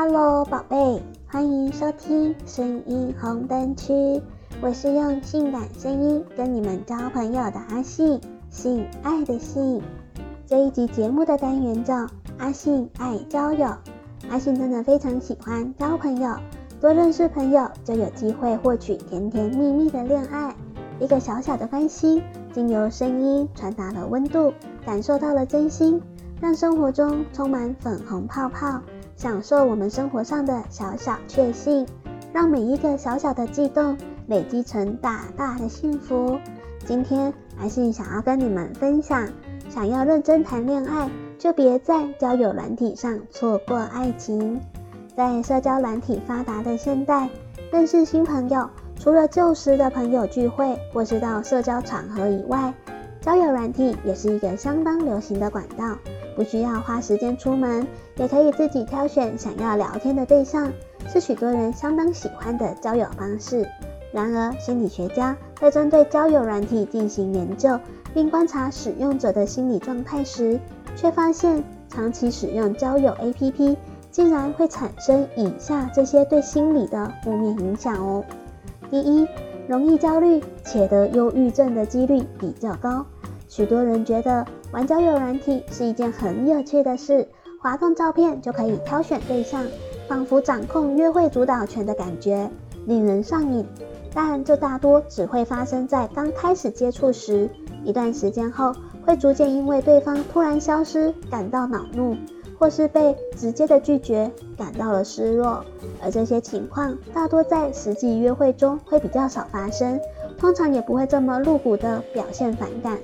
哈嘍，Hello, 寶貝，歡迎收聽聲音紅燈區。我是用性感聲音跟你們交朋友的阿性，性愛的性。這一集節目的單元叫阿性愛交友。阿性真的非常喜歡交朋友，多認識朋友就有機會獲取甜甜蜜蜜的戀愛。一個小小的關心，經由聲音傳達了溫度，感受到了真心，讓生活中充滿粉紅泡泡。享受我們生活上的小小確幸，讓每一個小小的悸動累積成大大的幸福。今天，阿性想要跟你們分享，想要認真談戀愛，就別在交友軟體上錯過愛情。在社交軟體發達的現代，認識新朋友除了舊時的朋友聚會或是到社交場合以外，交友軟體也是一個相當流行的管道。不需要花時間出門，也可以自己挑選想要聊天的對象，是許多人相當喜歡的交友方式。然而，心理學家在針對交友軟體進行研究，並觀察使用者的心理狀態時，卻發現長期使用交友 APP 竟然會產生以下這些對心理的負面影響哦。第一，容易焦慮，且得憂鬱症的幾率比較高。許多人覺得玩交友軟體是一件很有趣的事，滑動照片就可以挑選對象，仿佛掌控約會主導權的感覺令人上癮。但這大多只會發生在剛開始接觸時，一段時間後會逐漸因為對方突然消失感到惱怒，或是被直接的拒絕感到了失落。而這些情況大多在實際約會中會比較少發生，通常也不會這麼露骨的表現反感。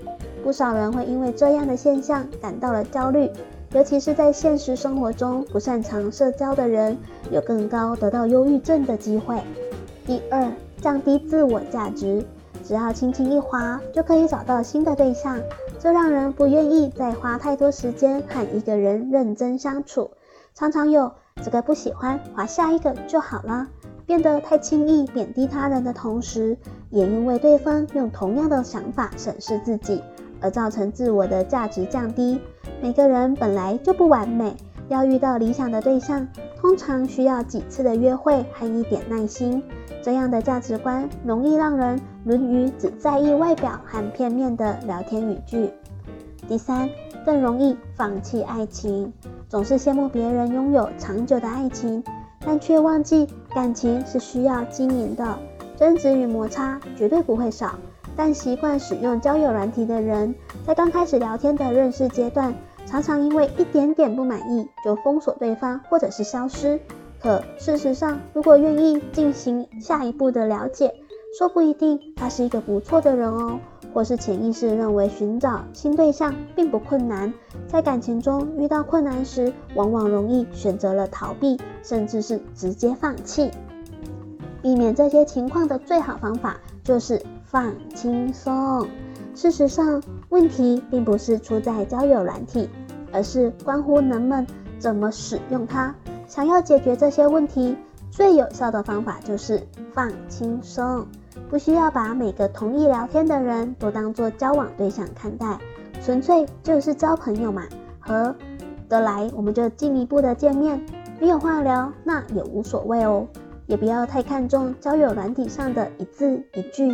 不少人會因為這樣的現象感到了焦慮，尤其是在現實生活中不擅長社交的人，有更高得到憂鬱症的機會。第二，降低自我價值，只要輕輕一劃就可以找到新的對象，這讓人不願意再花太多時間和一個人認真相處，常常有這個不喜歡，劃下一個就好了，變得太輕易貶低他人的同時，也因為對方用同樣的想法審視自己。而造成自我的價值降低。每個人本來就不完美，要遇到理想的對象，通常需要幾次的約會和一點耐心。這樣的價值觀容易讓人淪於只在意外表和片面的聊天語句。第三，更容易放棄愛情，總是羨慕別人擁有長久的愛情，但卻忘記感情是需要經營的，爭執與摩擦絕對不會少。但習慣使用交友軟體的人，在剛開始聊天的認識階段，常常因為一點點不滿意就封鎖對方，或者是消失。可事實上，如果願意進行下一步的了解，說不一定他是一個不錯的人哦。或是潛意識認為尋找新對象並不困難，在感情中遇到困難時，往往容易選擇了逃避，甚至是直接放棄。避免這些情況的最好方法就是。放輕鬆。事實上，問題並不是出在交友軟體，而是關乎人們怎麼使用它。想要解決這些問題，最有效的方法就是放輕鬆。不需要把每個同意聊天的人都當作交往對象看待，純粹就是交朋友嘛。合得來，我們就進一步的見面；沒有話聊，那也無所謂哦。也不要太看重交友軟體上的一字一句。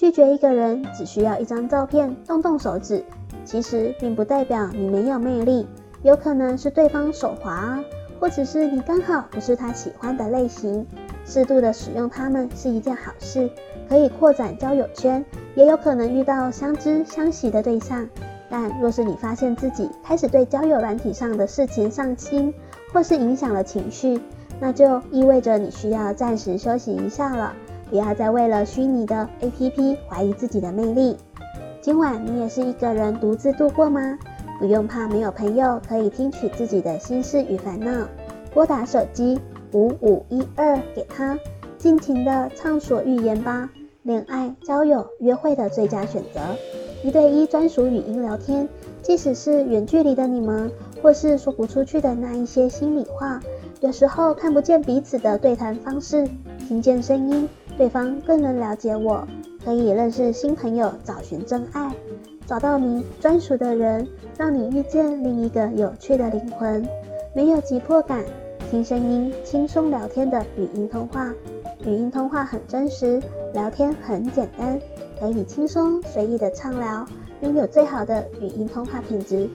拒絕一個人只需要一張照片，動動手指，其實並不代表你沒有魅力，有可能是對方手滑啊，或者是你剛好不是他喜歡的類型。適度的使用它們是一件好事，可以擴展交友圈，也有可能遇到相知相惜的對象。但若是你發現自己開始對交友軟體上的事情上心，或是影響了情緒，那就意味着你需要暫時休息一下了。不要再為了虛擬的 APP 懷疑自己的魅力。今晚你也是一個人獨自度過嗎？不用怕沒有朋友可以聽取自己的心事與煩惱。撥打手機五五一二給她，盡情的暢所欲言吧。戀愛、交友、約會的最佳選擇，一對一專屬語音聊天。即使是遠距離的你們，或是說不出去的那一些心裡話，有時候看不見彼此的對談方式，聽見聲音。對方更能了解我，可以認識新朋友，找尋真愛，找到你專屬的人，讓你遇見另一個有趣的靈魂。沒有急迫感，聽聲音輕鬆聊天的語音通話，語音通話很真實，聊天很簡單，可以輕鬆隨意的暢聊，擁有最好的語音通話品質。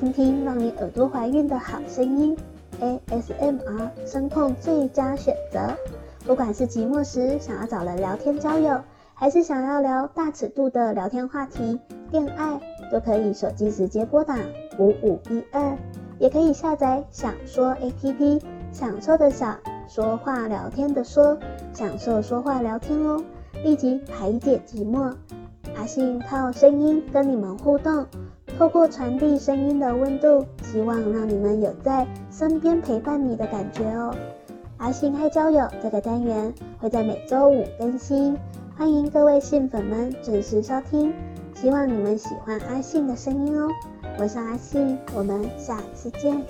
聽聽讓你耳朵懷孕的好聲音，ASMR 聲控最佳選擇。不管是寂寞時想要找人聊天交友，還是想要聊大尺度的聊天話題，電愛都可以手機直接撥打五五一二，也可以下載“享說 ”APP，享受的享說話聊天的說，享受說話聊天哦，立即排解寂寞。阿性靠聲音跟你們互動，透過傳遞聲音的溫度，希望讓你們有在身邊陪伴你的感覺哦。阿性愛交友這個單元會在每週五更新，歡迎各位性粉們準時收聽，希望你們喜歡阿性的聲音哦。我是阿性，我們下次見。